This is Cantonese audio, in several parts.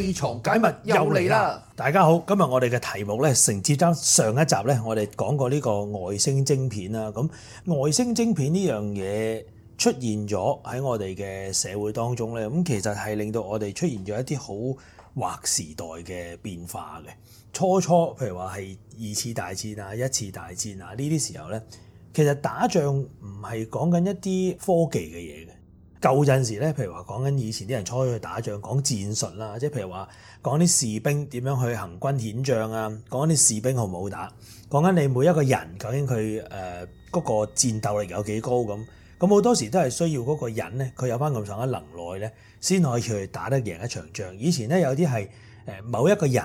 秘藏解密又嚟啦！大家好，今日我哋嘅題目咧，承接翻上一集咧，我哋講過呢個外星晶片啦。咁外星晶片呢樣嘢出現咗喺我哋嘅社會當中咧，咁其實係令到我哋出現咗一啲好劃時代嘅變化嘅。初初譬如話係二次大戰啊、一次大戰啊呢啲時候咧，其實打仗唔係講緊一啲科技嘅嘢嘅。舊陣時咧，譬如話講緊以前啲人出去打仗，講戰術啦，即係譬如話講啲士兵點樣去行軍遣將啊，講緊啲士兵好唔好打，講緊你每一個人究竟佢誒嗰個戰鬥力有幾高咁。咁好多時都係需要嗰個人咧，佢有翻咁上嘅能耐咧，先可以去打得贏一場仗。以前咧有啲係誒某一個人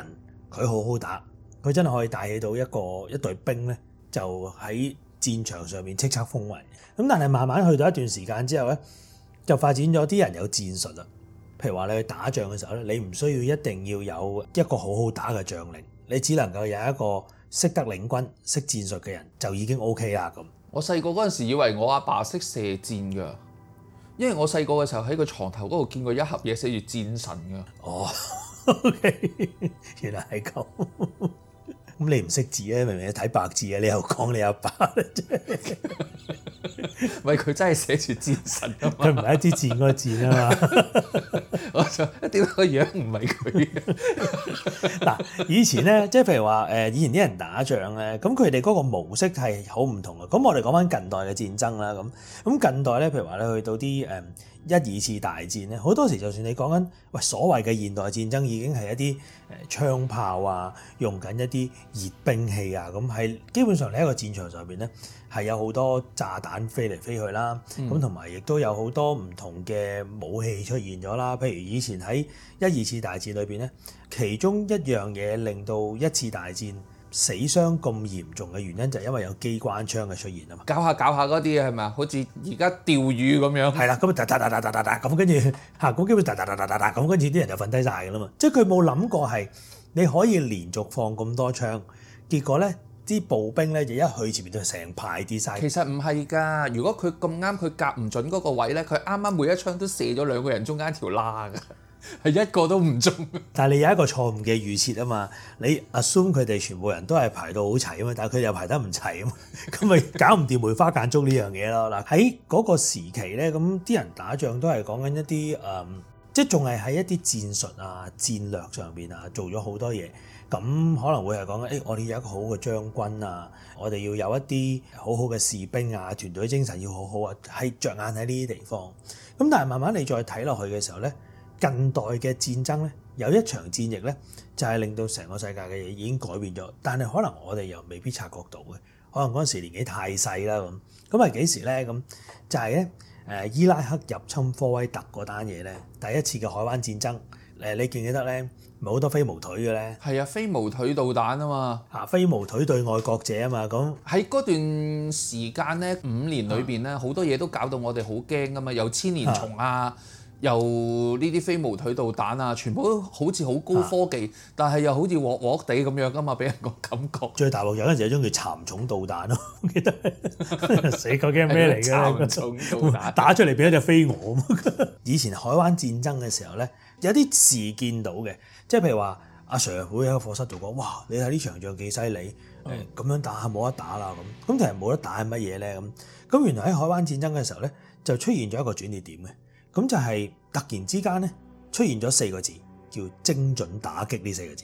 佢好好打，佢真係可以帶起到一個一隊兵咧，就喺戰場上面叱咤風雲。咁但係慢慢去到一段時間之後咧。就發展咗啲人有戰術啦。譬如話你去打仗嘅時候咧，你唔需要一定要有一個好好打嘅將領，你只能夠有一個識得領軍、識戰術嘅人就已經 O K 喇咁。我細個嗰陣時以為我阿爸識射箭㗎，因為我細個嘅時候喺個床頭嗰度見過一盒嘢寫住戰神㗎。哦，oh, okay. 原來係咁。咁 你唔識字咧，明明你睇白字嘅，你又講你阿爸咧。 喂，佢真係寫住戰神，佢唔係一支箭嗰個箭啊嘛！我話點解個樣唔係佢？嗱 以前咧，即係譬如話誒，以前啲人打仗咧，咁佢哋嗰個模式係好唔同嘅。咁我哋講翻近代嘅戰爭啦，咁咁近代咧，譬如話你去到啲誒一二次大戰咧，好多時就算你講緊喂所謂嘅現代戰爭，已經係一啲誒槍炮啊，用緊一啲熱兵器啊，咁係基本上你喺個戰場上邊咧。係有好多炸彈飛嚟飛去啦，咁、嗯、同埋亦都有好多唔同嘅武器出現咗啦。譬如以前喺一二次大戰裏邊咧，其中一樣嘢令到一次大戰死傷咁嚴重嘅原因就係因為有機關槍嘅出現啊嘛。搞下搞下嗰啲係咪啊？好似而家釣魚咁樣。係啦， 咁嗒嗒嗒嗒嗒嗒咁跟住吓，咁嗒嗒嗒嗒嗒跟住啲人就瞓低晒㗎啦嘛。即係佢冇諗過係你可以連續放咁多槍，結果咧？啲步兵咧，就一去前面就成排啲晒。其實唔係㗎，如果佢咁啱佢夾唔準嗰個位咧，佢啱啱每一槍都射咗兩個人中間一條罅㗎，係 一個都唔中。但係你有一個錯誤嘅預設啊嘛，你 assume 佢哋全部人都係排到好齊啊嘛，但係佢又排得唔齊啊嘛，咁 咪 搞唔掂，梅花間中呢樣嘢咯。嗱，喺嗰個時期咧，咁啲人打仗都係講緊一啲誒、呃，即係仲係喺一啲戰術啊、戰略上邊啊做咗好多嘢。咁可能會係講誒，我哋有一個好嘅將軍啊，我哋要有一啲好好嘅士兵啊，團隊精神要好好啊，係着眼喺呢啲地方。咁但係慢慢你再睇落去嘅時候呢，近代嘅戰爭呢，有一場戰役呢，就係令到成個世界嘅嘢已經改變咗，但係可能我哋又未必察覺到嘅，可能嗰陣時年紀太細啦咁。咁係幾時呢？咁就係呢，伊拉克入侵科威特嗰單嘢呢，第一次嘅海灣戰爭，誒你記唔記得呢？唔係好多飛毛腿嘅咧，係啊，飛毛腿導彈啊嘛，嚇、啊、飛毛腿對外國者啊嘛，咁喺嗰段時間咧，五年裏邊咧，好、啊、多嘢都搞到我哋好驚噶嘛，又千年蟲啊，啊又呢啲飛毛腿導彈啊，全部都好似好高科技，啊、但係又好似鑊鑊地咁樣噶嘛，俾人個感覺。最大陸有陣時有一種叫蠶蟲導彈咯，我記得 死鬼驚咩嚟咧？蠶 打出嚟俾一隻飛蛾。 以前海灣戰爭嘅時候咧，有啲事見到嘅。即係譬如話，阿 Sir 會喺個課室度講：哇！你睇呢場仗幾犀利，咁、嗯、樣打冇得打啦咁。咁其實冇得打係乜嘢咧？咁咁原來喺海灣戰爭嘅時候咧，就出現咗一個轉捩點嘅。咁就係、是、突然之間咧，出現咗四個字，叫精準打擊呢四個字。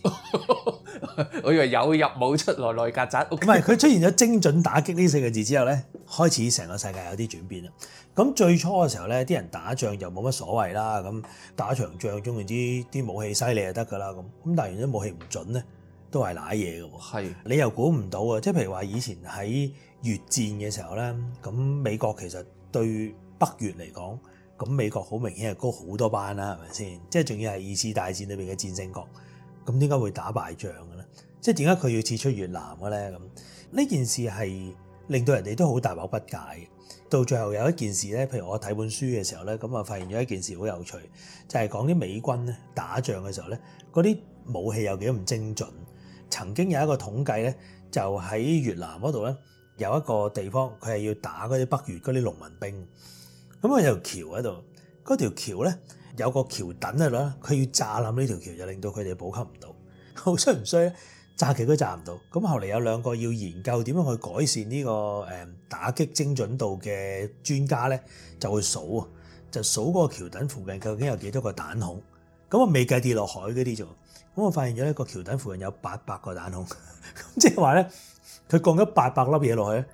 我以為有入冇出來，內曱甴，唔、OK？係，佢出現咗精準打擊呢四個字之後咧，開始成個世界有啲轉變啦。咁最初嘅時候咧，啲人打仗又冇乜所謂啦，咁打場仗，總言之，啲武器犀利就得噶啦，咁咁但係原啲武器唔準咧，都係賴嘢嘅喎。是你又估唔到啊！即係譬如話，以前喺越戰嘅時候咧，咁美國其實對北越嚟講，咁美國好明顯係高好多班啦，係咪先？即係仲要係二次大戰裏邊嘅戰勝國，咁點解會打敗仗嘅咧？即係點解佢要撤出越南嘅咧？咁呢件事係令到人哋都好大惑不解。到最後有一件事咧，譬如我睇本書嘅時候咧，咁啊發現咗一件事好有趣，就係、是、講啲美軍咧打仗嘅時候咧，嗰啲武器有幾唔精準。曾經有一個統計咧，就喺越南嗰度咧有一個地方，佢係要打嗰啲北越嗰啲農民兵，咁、嗯、啊有條橋喺度，嗰條橋咧，有個橋墩喺度，佢要炸冧呢條橋就令到佢哋補給唔到，好衰唔衰咧？炸旗都炸唔到，咁後嚟有兩個要研究點樣去改善呢個誒打擊精準度嘅專家咧，就會數啊，就數嗰個橋墩附近究竟有幾多個彈孔，咁我未計跌落海嗰啲啫，咁我發現咗一個橋墩附近有八百個彈孔，即係話咧，佢降咗八百粒嘢落去。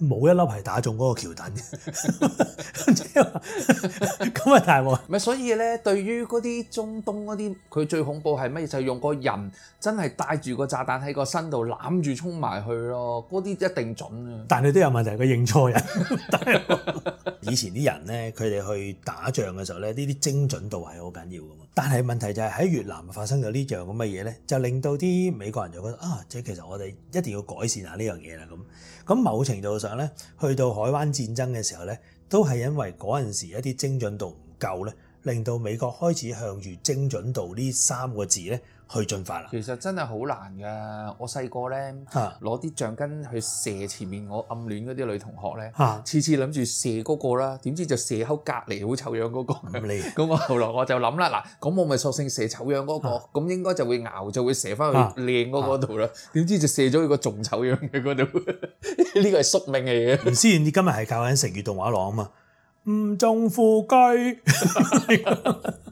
冇一粒係打中嗰個橋墩嘅，即係咁啊大鑊！咪所以咧，對於嗰啲中東嗰啲，佢最恐怖係咩？就係、用個人真係帶住個炸彈喺個身度攬住衝埋去咯，嗰啲一定準啊！但係都有問題，佢認錯人。 以前啲人咧，佢哋去打仗嘅時候咧，呢啲精準度係好緊要噶嘛。但係問題就係喺越南發生咗呢樣咁嘅嘢咧，就令到啲美國人就覺得啊，即係其實我哋一定要改善下呢樣嘢啦咁。咁某程度。上咧，去到海灣戰爭嘅時候咧，都係因為嗰陣時一啲精準度唔夠，咧，令到美國開始向住精準度呢三個字咧。去進化啦！其實真係好難噶。我細個咧攞啲橡筋去射前面我暗戀嗰啲女同學咧，啊、次次諗住射嗰、嗰個啦，點知就射喺隔離好醜樣嗰、嗰個。咁你咁我後來我就諗啦，嗱，咁我咪索性射醜樣嗰、嗰個，咁、啊、應該就會咬就會射翻去靚嗰度啦。點知就射咗去個仲醜樣嘅嗰度，呢個係宿命嚟嘅嘢。思遠，你今日係教緊《成語動畫廊》啊、嗯、嘛？唔中富貴。嗯嗯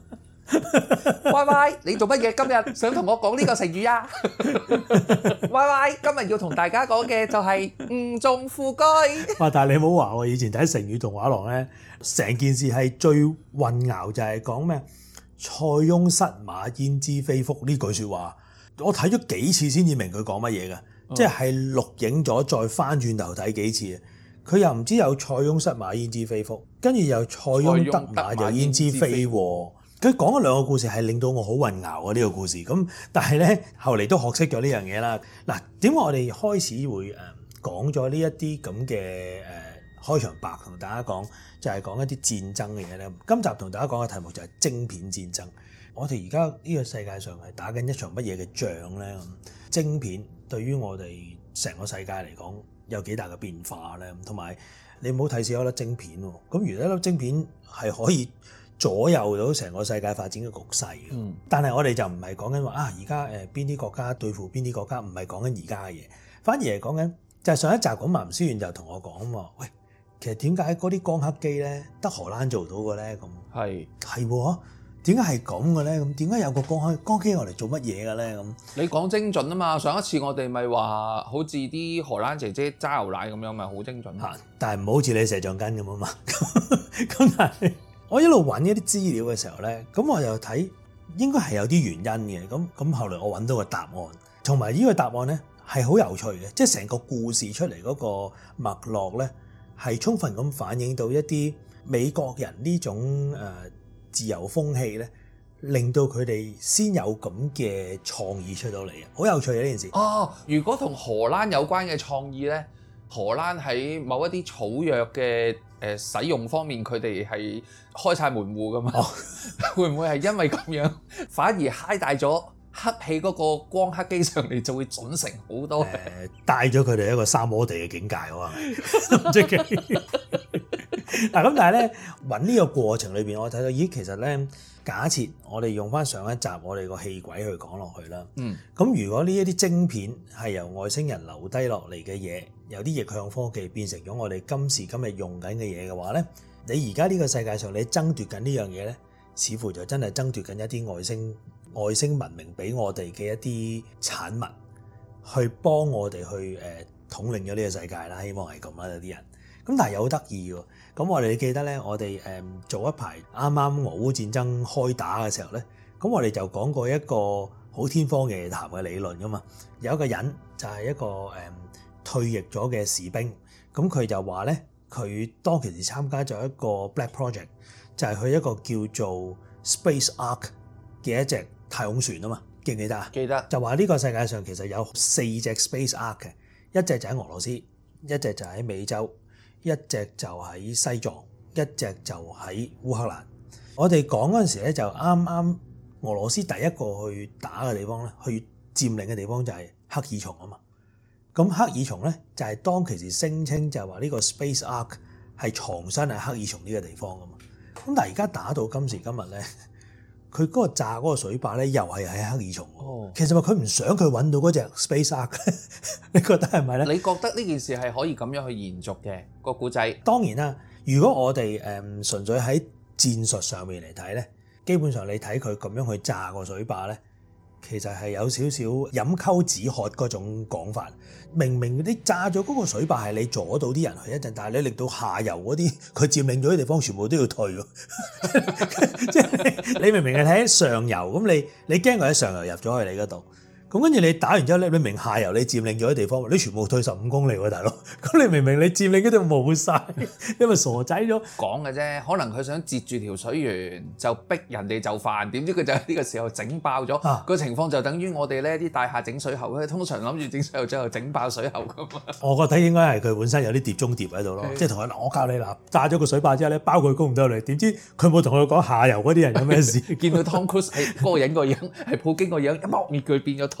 Y Y， 你做乜嘢？今日想同我講呢個成語啊？Y Y， 今日要同大家講嘅就係誤中副車。哇！但係你唔好話我，以前睇成語動畫廊咧，成件事係最混淆就係講咩？塞翁失馬，焉知非福呢句說話，我睇咗幾次先至明佢講乜嘢嘅，即係錄影咗再返轉頭睇幾次，佢又唔知有塞翁失馬焉知非福，跟住又塞翁得馬又焉知非禍。佢講咗兩個故事係令到我好混淆啊！呢個故事咁，但係呢，後嚟都學識咗呢樣嘢啦。嗱，點解我哋開始會誒講咗呢一啲咁嘅誒開場白同大家講，就係、是、講一啲戰爭嘅嘢呢。今集同大家講嘅題目就係晶片戰爭。我哋而家呢個世界上係打緊一場乜嘢嘅仗呢？晶片對於我哋成個世界嚟講有幾大嘅變化呢？同埋你唔好睇小一粒晶片喎。咁如果一粒晶片係可以，左右到成個世界發展嘅局勢，嗯，但係我哋就唔係講緊話啊，而家誒邊啲國家對付邊啲國家，唔係講緊而家嘅嘢，反而係講緊就係上一集講埋吳思遠就同我講啊，喂，其實點解嗰啲光刻機咧，得荷蘭做到嘅咧？咁係係喎，點解係咁嘅咧？咁點解有個光刻光機用嚟做乜嘢嘅咧？咁你講精準啊嘛，上一次我哋咪話好似啲荷蘭姐姐揸牛奶咁樣，咪好精準。」啊，但係唔好似你射橡筋咁啊嘛，咁係。 但我一路揾一啲資料嘅時候咧，咁我又睇應該係有啲原因嘅。咁咁後來我揾到個答案，同埋呢個答案咧係好有趣嘅。即係成個故事出嚟嗰個脈絡咧，係充分咁反映到一啲美國人呢種誒、呃、自由風氣咧，令到佢哋先有咁嘅創意出到嚟嘅。好有趣嘅呢件事啊、哦，如果同荷蘭有關嘅創意咧。荷蘭喺某一啲草藥嘅誒、呃、使用方面，佢哋係開晒門戶噶嘛？ 會唔會係因為咁樣，反而嗨大咗黑氣嗰個光刻機上嚟，就會準成好多？誒、呃，帶咗佢哋一個三摩地嘅境界喎。嗱咁，但係咧揾呢個過程裏邊，我睇到咦，其實咧。假設我哋用翻上一集我哋個氣軌去講落去啦，咁、嗯、如果呢一啲晶片係由外星人留低落嚟嘅嘢，有啲逆向科技變成咗我哋今時今日用緊嘅嘢嘅話咧，你而家呢個世界上你爭奪緊呢樣嘢咧，似乎就真係爭奪緊一啲外星外星文明俾我哋嘅一啲產物，去幫我哋去誒統領咗呢個世界啦。希望係咁啦，有啲人，咁但係有得意喎。咁我哋記得咧，我哋誒早一排啱啱俄烏戰爭開打嘅時候咧，咁我哋就講過一個好天方夜譚嘅理論噶嘛。有一個人就係一個誒退役咗嘅士兵，咁佢就話咧，佢當其時參加咗一個 Black Project，就係去一個叫做 Space Ark 嘅一隻太空船啊嘛。記唔記得啊？記得。記得就話呢個世界上其實有四隻 Space Ark 嘅，一隻就喺俄羅斯，一隻就喺美洲。一隻就喺西藏，一隻就喺烏克蘭。我哋講嗰陣時咧，就啱啱俄羅斯第一個去打嘅地方咧，去佔領嘅地方就係赫爾松啊嘛。咁赫爾松咧就係當其時聲稱就係話呢個 Space Ark 係藏身喺赫爾松呢個地方啊嘛。咁但係而家打到今時今日咧。佢嗰個炸嗰個水壩咧，又係喺黑爾蟲。哦，其實話佢唔想佢揾到嗰隻 Space Ark， 你覺得係咪咧？你覺得呢件事係可以咁樣去延續嘅個故仔？當然啦，如果我哋誒純粹喺戰術上面嚟睇咧，基本上你睇佢咁樣去炸個水壩咧。其實係有少少飲鴆止渴嗰種講法，明明你炸咗嗰個水壩係你阻到啲人去一陣，但係你令到下游嗰啲佢佔領咗啲地方，全部都要退，即係 你，你明明係喺上游，咁你你驚佢喺上游入咗去你嗰度。咁跟住你打完之後咧，你明下游你佔領咗啲地方，你全部退十五公里喎，大佬。咁你明明你佔領嗰度冇晒，你咪傻仔咗。講嘅啫，可能佢想截住條水源，就逼人哋就範。點知佢就喺呢個時候整爆咗個情況，就等於我哋咧啲大廈整水喉，通常諗住整水喉最後整爆水喉噶嘛。我覺得應該係佢本身有啲碟中碟喺度咯，即係同佢嗱，我教你嗱，炸咗個水壩之後咧，包佢攻唔到你。點知佢冇同佢講下游嗰啲人有咩事，見到 Tom Cruise 嗰個人個樣係普京個樣一剝滅佢變咗。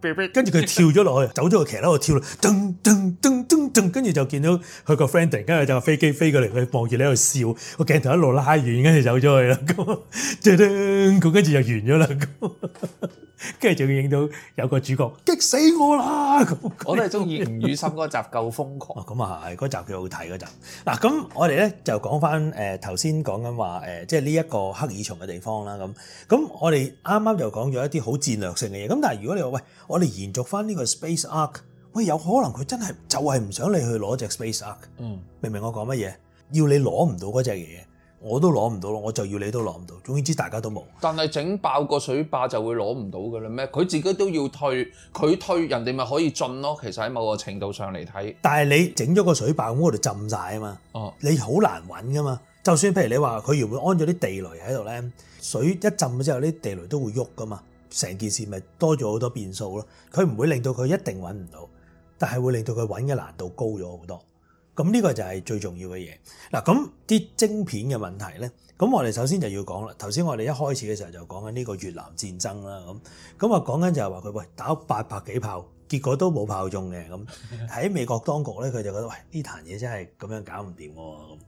跟住佢跳咗落去，走咗個騎樓度跳啦，跟住就見到佢個 friend 跟住就有架飛機飛過嚟，佢望住你喺度笑，個鏡頭一路拉遠，跟住走咗去啦，咁，噔，佢跟住就完咗啦，咁，跟住仲要影到有個主角激死我啦，咁，我都係中意吳宇森嗰集夠瘋狂，咁啊係，嗰集幾好睇嗰集，嗱咁我哋咧就講翻誒頭先講緊話誒，即係呢一個黑耳蟲嘅地方啦，咁，咁我哋啱啱就講咗一啲好戰略性嘅嘢，咁但係如果你話喂。我哋延續翻呢個 space ark，喂有可能佢真係就係唔想你去攞隻 space ark，嗯、明唔明我講乜嘢？要你攞唔到嗰隻嘢，我都攞唔到咯，我就要你都攞唔到。總言之，大家都冇。但係整爆個水壩就會攞唔到噶啦咩？佢自己都要退，佢退人哋咪可以進咯。其實喺某個程度上嚟睇，但係你整咗個水壩，我哋浸晒啊嘛，哦、你好難揾噶嘛。就算譬如你話佢原本安咗啲地雷喺度咧，水一浸咗之後，啲地雷都會喐噶嘛。成件事咪多咗好多變數咯，佢唔會令到佢一定揾唔到，但係會令到佢揾嘅難度高咗好多。咁呢個就係最重要嘅嘢。嗱，咁啲晶片嘅問題咧，咁我哋首先就要講啦。頭先我哋一開始嘅時候就講緊呢個越南戰爭啦，咁咁話講緊就係話佢喂打八百幾炮，結果都冇炮中嘅。咁喺美國當局咧，佢就覺得喂呢壇嘢真係咁樣搞唔掂喎。咁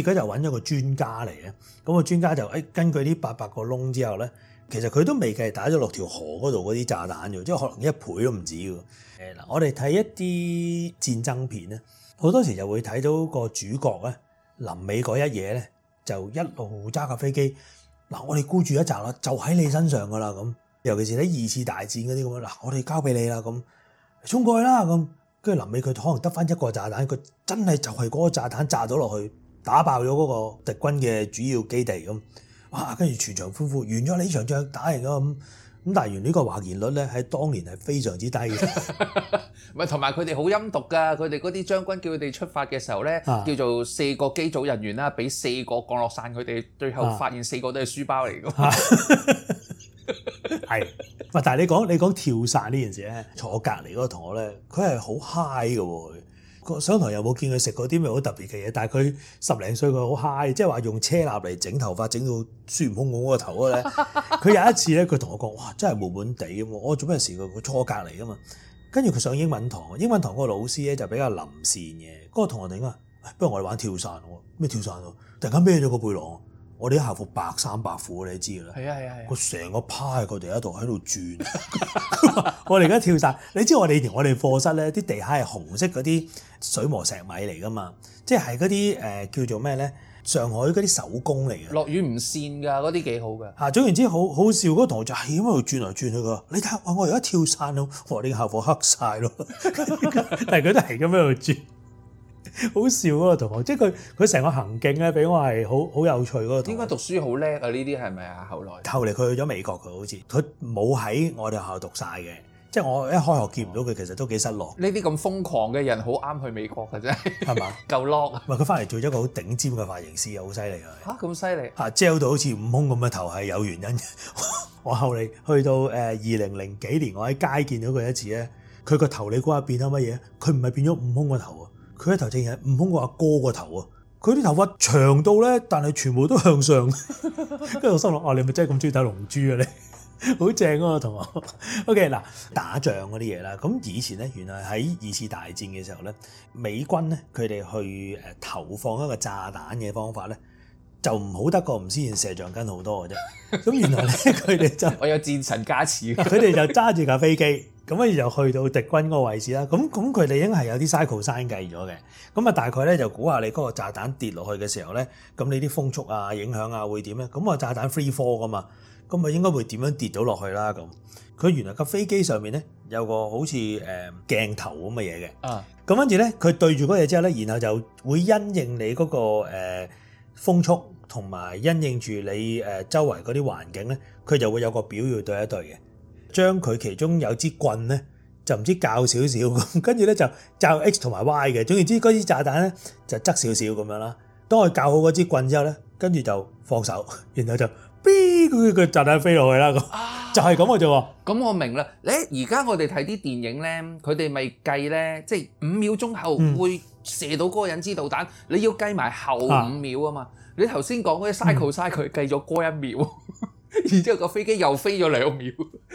結果就揾咗個專家嚟咧，咁個專家就誒根據呢八百個窿之後咧。其實佢都未計打咗落條河嗰度嗰啲炸彈啫，即係可能一倍都唔止嘅。誒嗱，我哋睇一啲戰爭片咧，好多時就會睇到個主角咧臨尾嗰一夜咧，就一路揸架飛機。嗱，我哋孤注一擲啦，就喺你身上㗎啦咁。尤其是咧二次大戰嗰啲咁啊，嗱，我哋交俾你啦咁，衝過去啦咁。跟住臨尾佢可能得翻一個炸彈，佢真係就係嗰個炸彈炸到落去，打爆咗嗰個敵軍嘅主要基地咁。哇！跟住全場歡呼,呼，完咗你場仗打贏咁咁，但係原來呢個華言率咧喺當年係非常之低嘅。唔係同埋佢哋好陰毒㗎，佢哋嗰啲將軍叫佢哋出發嘅時候咧，啊、叫做四個機組人員啦，俾四個降落傘佢哋，最後發現四個都係書包嚟㗎、啊。嘛。唔係？但係你講你講跳傘呢件事咧，坐我隔離嗰個同學咧，佢係好 high 嘅喎。上堂又冇見佢食過啲咩好特別嘅嘢，但係佢十零歲佢好嗨，high，即係話用車蠟嚟整頭髮，整到孫悟空咁嗰個頭咧。佢 有一次咧，佢同我講，哇，真係悶悶地咁。我做咩事？佢坐我隔離噶嘛。跟住佢上英文堂，英文堂嗰個老師咧就比較臨時嘅。嗰、那個同學突然不如我哋玩跳傘喎，咩跳傘喎？突然間孭咗個背囊，我啲校服白衫白褲，你知噶啦。係啊係啊係。佢成、啊、個趴喺佢哋喺度喺度轉， 我哋而家跳傘。你知我哋而我哋課室咧，啲地下係紅色嗰啲水磨石米嚟噶嘛，即係嗰啲誒叫做咩咧？上海嗰啲手工嚟嘅。落雨唔跣㗎，嗰啲幾好㗎。嚇、啊，總言之好好笑嗰、嗰個、堂就係因為佢轉嚟轉去㗎。你睇我我而家跳傘咯，我啲校服黑晒咯， 但係佢都係咁喺度轉。好笑嗰同學，即係佢佢成個行徑咧，俾我係好好有趣嗰、嗰個。應該讀書好叻啊！呢啲係咪啊？後來後嚟佢去咗美國，佢好似佢冇喺我哋學校讀晒嘅，即係我一開學見唔到佢，哦、其實都幾失落。呢啲咁瘋狂嘅人，好啱去美國嘅啫，係嘛 吧？夠 lock。唔係佢翻嚟做咗一個好頂尖嘅髮型師啊，好犀利啊！吓，咁犀利嚇，gel 到好似悟空咁嘅頭係有原因。 我後嚟去到誒二零零幾年，我喺街見到佢一次咧，佢個頭你估下變咗乜嘢？佢唔係變咗悟空個頭啊！佢嘅頭正係悟空個阿哥個頭啊！佢啲頭髮長到咧，但係全部都向上。跟 住我心諗：啊，你咪真係咁中意睇《龍珠》啊！你 好正啊，同學。OK，嗱，打仗嗰啲嘢啦，咁以前咧，原來喺二次大戰嘅時候咧，美軍咧佢哋去誒投放一個炸彈嘅方法咧，就唔好得過唔先射橡筋好多嘅啫。咁 原來咧，佢哋就我有戰神加持，佢哋就揸住架飛機。咁跟住就去到敵軍嗰個位置啦。咁咁佢哋應該係有啲 cycle 刪計咗嘅。咁啊大概咧就估下你嗰個炸彈跌落去嘅時候咧，咁你啲風速啊影響啊會點咧？咁個炸彈 free fall 噶嘛，咁啊應該會點樣跌到落去啦？咁佢原來架飛機上面咧有個好似誒鏡頭咁嘅嘢嘅。啊，咁跟住咧佢對住嗰嘢之後咧，然後就會因應你嗰個誒風速同埋因應住你誒周圍嗰啲環境咧，佢就會有個表要對一對嘅。將佢其中有支棍咧，就唔知較少少咁，跟住咧就較 x 同埋 y 嘅。總言之，嗰支炸彈咧就側少少咁樣啦。當佢較好嗰支棍之後咧，跟住就放手，然後就，逼佢個炸彈飛落去啦。咁就係咁嘅啫喎。咁我明啦。你而家我哋睇啲電影咧，佢哋咪計咧，即係五秒鐘後會射到嗰個人支導彈。你要計埋後五秒啊嘛。你頭先講嗰啲 cycle 佢計咗嗰一秒。然之後個飛機又飛咗兩秒，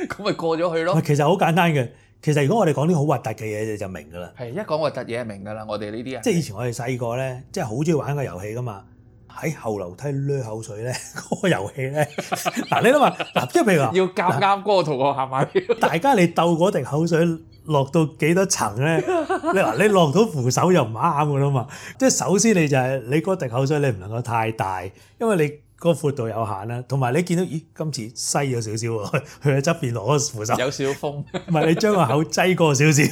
咁咪過咗去咯。其實好簡單嘅，其實如果我哋講啲好核突嘅嘢，你就明噶啦。係一講核突嘢，明噶啦。我哋呢啲啊，即係以前我哋細個咧，即係好中意玩個遊戲噶嘛。喺後樓梯濾口水咧，嗰、嗰個遊戲咧，嗱 你諗下，嗱即係譬如話要夾啱嗰個同學行埋。來 大家你鬥嗰滴口水落到幾多層咧？你話 你落到扶手又唔啱噶啦嘛？即係首先你就係、係、你嗰滴口水你唔能夠太大，因為你。個闊度有限啦，同埋你見到咦，今次細咗少少喎，佢喺側邊攞個扶手有少風，唔係你將個口擠過少少，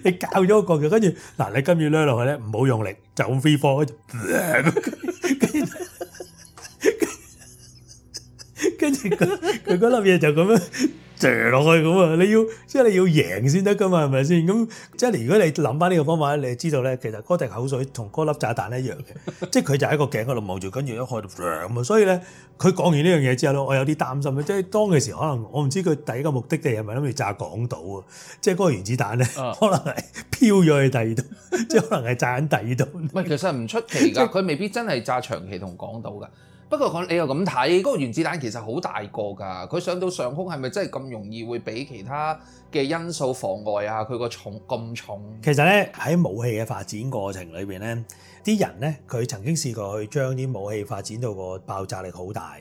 你教咗個腳，跟住嗱你今次掠落去咧，唔好用力，就咁飛科，跟住。 跟住佢佢粒嘢就咁樣掟落去咁啊！你要即係你要贏先得噶嘛，係咪先？咁即係如果你諗翻呢個方法咧，你知道咧，其實嗰滴口水同嗰粒炸彈一樣嘅，即係佢就喺個頸嗰度望住，跟住一開到咁啊！所以咧，佢講完呢樣嘢之後咧，我有啲擔心咧，即係當其時可能我唔知佢第一個目的地係咪諗住炸港島啊？即係嗰個原子彈咧，嗯、可能係飄咗去第二度，即係可能係炸緊第二度。唔係，其實唔出奇噶，佢未必真係炸長期同港島噶。不過講你又咁睇，嗰個原子彈其實好大個㗎，佢上到上空係咪真係咁容易會俾其他嘅因素妨礙啊？佢個重咁重。其實咧，喺武器嘅發展過程裏邊咧，啲人咧，佢曾經試過去將啲武器發展到個爆炸力好大，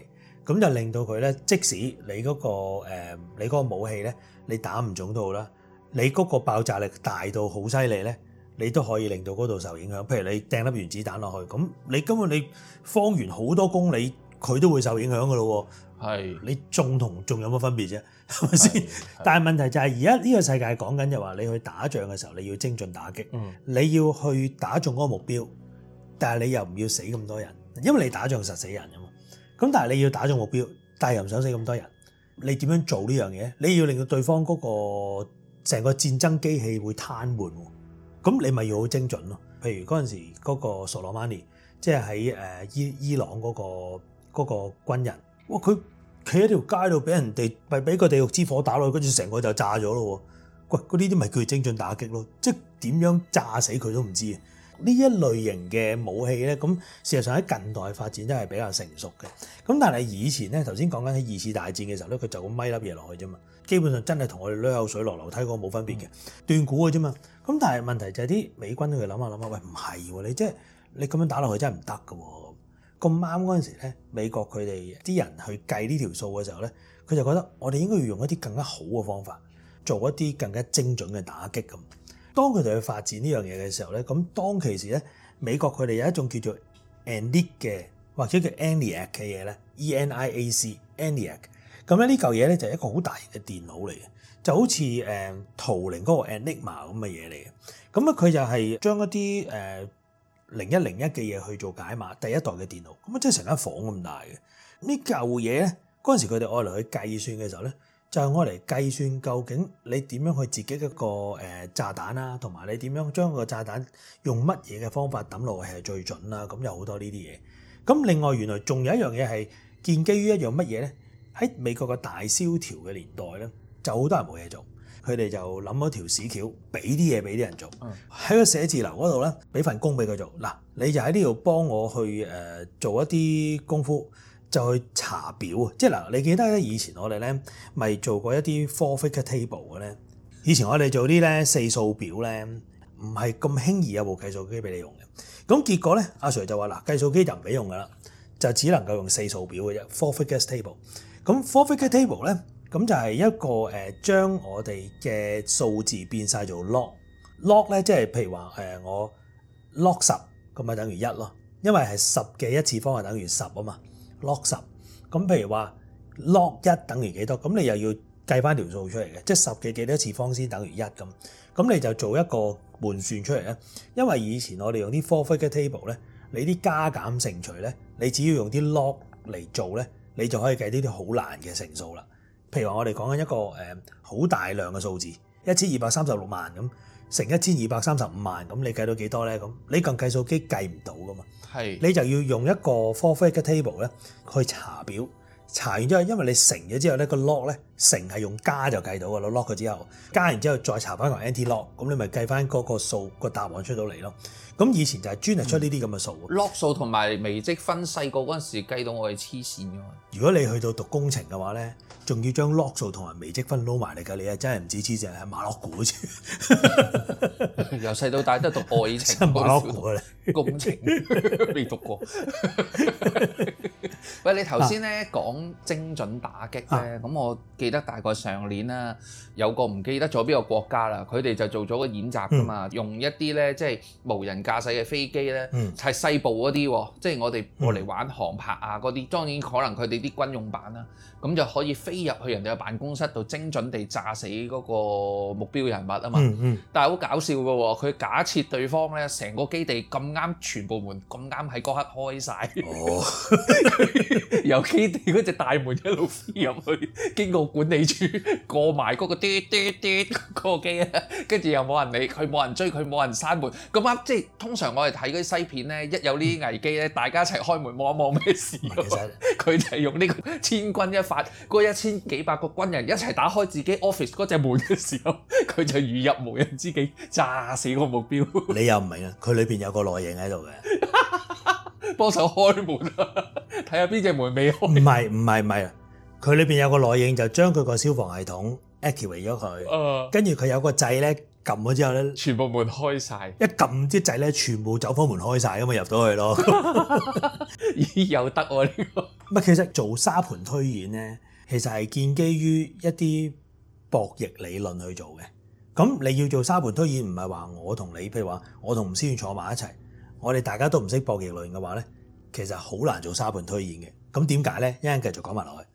咁就令到佢咧，即使你嗰個、呃、你嗰個武器咧，你打唔中都好啦，你嗰個爆炸力大到好犀利咧。你都可以令到嗰度受影響，譬如你掟粒原子彈落去，咁你根本你方圓好多公里佢都會受影響嘅咯。係是，你仲同仲有乜分別啫？係咪先？ 但係問題就係而家呢個世界講緊就話你去打仗嘅時候，你要精準打擊，嗯、你要去打中嗰個目標，但係你又唔要死咁多人，因為你打仗殺死人啊嘛。咁但係你要打中目標，但係又唔想死咁多人，你點樣做呢樣嘢？你要令到對方嗰個成個戰爭機器會癱瘓。咁你咪要好精準咯，譬如嗰陣時嗰個索羅曼尼，即係喺誒伊伊朗嗰個嗰個軍人，哇佢企喺條街度俾人哋咪俾個地獄之火打落去，跟住成個就炸咗咯喎，喂嗰啲咪叫精準打擊咯，即係點樣炸死佢都唔知，呢一類型嘅武器咧，咁事實上喺近代發展真係比較成熟嘅，咁但係以前咧頭先講緊喺二次大戰嘅時候咧，佢就咁咪粒嘢落去啫嘛。基本上真係同我哋攞口水落樓梯嗰個冇分別嘅、嗯，斷估嘅啫嘛。咁但係問題就係啲美軍佢諗下諗下，喂唔係你即係你咁樣打落去真係唔得㗎喎。咁啱嗰陣時咧，美國佢哋啲人去計呢條數嘅時候咧，佢就覺得我哋應該要用一啲更加好嘅方法，做一啲更加精準嘅打擊咁。當佢哋去發展呢樣嘢嘅時候咧，咁當其時咧，美國佢哋有一種叫做 ENIC 嘅或者叫 ENIAC 嘅嘢咧，ENIAC。E N I A C, EN 咁咧呢嚿嘢咧就係一個好大型嘅電腦嚟嘅，就好似誒圖靈嗰個 Enigma 咁嘅嘢嚟嘅。咁咧佢就係將一啲誒零一零一嘅嘢去做解碼。第一代嘅電腦咁啊，即係成間房咁大嘅呢嚿嘢咧。嗰陣時佢哋愛嚟去計算嘅時候咧，就係愛嚟計算究竟你點樣去自己一個誒炸彈啊，同埋你點樣將個炸彈用乜嘢嘅方法揼落去係最準啦。咁有好多呢啲嘢。咁另外原來仲有一樣嘢係建基於一樣乜嘢咧？喺美國個大蕭條嘅年代咧，就好多人冇嘢做，佢哋就諗咗條屎橋，俾啲嘢俾啲人做。喺個寫字樓嗰度咧，俾份工俾佢做。嗱，你就喺呢度幫我去誒、呃、做一啲功夫，就去查表啊！即係嗱，你記得咧，以前我哋咧咪做過一啲 four figure table 嘅咧？以前我哋做啲咧四數表咧，唔係咁輕易有部計數機俾你用嘅。咁結果咧，阿 Sir 就話：嗱，計數機就唔俾用噶啦，就只能夠用四數表嘅啫，four figure table。咁 four figure table 咧，咁就係一個誒，將我哋嘅數字變晒做 log。log 咧，即係譬如話誒，我 log 十咁咪等於一咯，因為係十嘅一次方係等於十啊嘛。log 十咁，譬如話 log 一等於幾多？咁你又要計翻條數出嚟嘅，即係十嘅幾多次方先等於一咁。咁你就做一個換算出嚟咧，因為以前我哋用啲 four figure table 咧，你啲加減乘除咧，你只要用啲 log 嚟做咧。你就可以計呢啲好難嘅乘數啦，譬如話我哋講緊一個誒好、嗯、大量嘅數字一千二百三十六萬咁乘一千二百三十五萬咁，你，到你計到幾多咧？咁你撳計數機計唔到噶嘛？係是，你就要用一個 four figure table 咧去查表，查完之後因為你乘咗之後咧、個 log 咧乘係用加就計到嘅咯，log 佢之後加完之後再查翻個 anti log，咁你咪計翻嗰個數、個答案出到嚟咯。咁以前就係專係出呢啲咁嘅數，log、嗯、數同埋微積分，細個嗰陣時計到我哋黐線㗎嘛。如果你去到讀工程嘅話咧，仲要將 log 數同埋微積分撈埋嚟㗎，你啊真係唔止黐線，係馬諾古啫。由 細到大都讀愛情，冇馬諾古啦。工程未讀過。 喂，你頭先咧講精準打擊咧，咁、啊、我記得大概上年啦，有個唔記得咗邊個國家啦，佢哋就做咗個演習㗎嘛，嗯、用一啲咧即係無人。駕駛嘅飛機呢，係細部嗰啲，哦，即係我哋過嚟玩航拍啊嗰啲，嗯、當然可能佢哋啲軍用版啦，咁就可以飛入去人哋嘅辦公室度，精準地炸死嗰個目標人物啊嘛。嗯嗯、但係好搞笑㗎喎，哦，佢假設對方呢成個基地咁啱全部門咁啱喺嗰刻開晒。哦、 由基地嗰隻大門一路飛入去，經過管理處過埋嗰，那個嘟嘟嘟個機啊，跟住又冇人理佢，冇人追佢，冇人閂門，咁啱即通常我哋睇嗰啲西片咧，一有呢啲危機咧，大家一齊開門望一望咩事。其實佢就係用呢個千鈞一髮，嗰一千幾百個軍人一齊打開自己 office 嗰隻門嘅時候，佢就如入無人之境，炸死個目標。你又唔明啊？佢裏邊有個內應喺度嘅， 幫手開門啊，睇下邊隻門未開。唔係唔係唔係，佢裏邊有個內應，就將佢個消防系統 activate 咗佢。跟住佢有個掣咧。撳咗之後咧，全部門開晒。一撳啲掣咧，全部走火門開晒，咁咪入到去咯。咦？又得喎我呢個。 唔其實做沙盤推演咧，其實係建基於一啲博弈理論去做嘅。咁你要做沙盤推演，唔係話我同你，譬如話我同吳思遠坐埋一齊，我哋大家都唔識博弈論嘅話咧，其實好難做沙盤推演嘅。咁點解咧？一陣繼續講埋落去。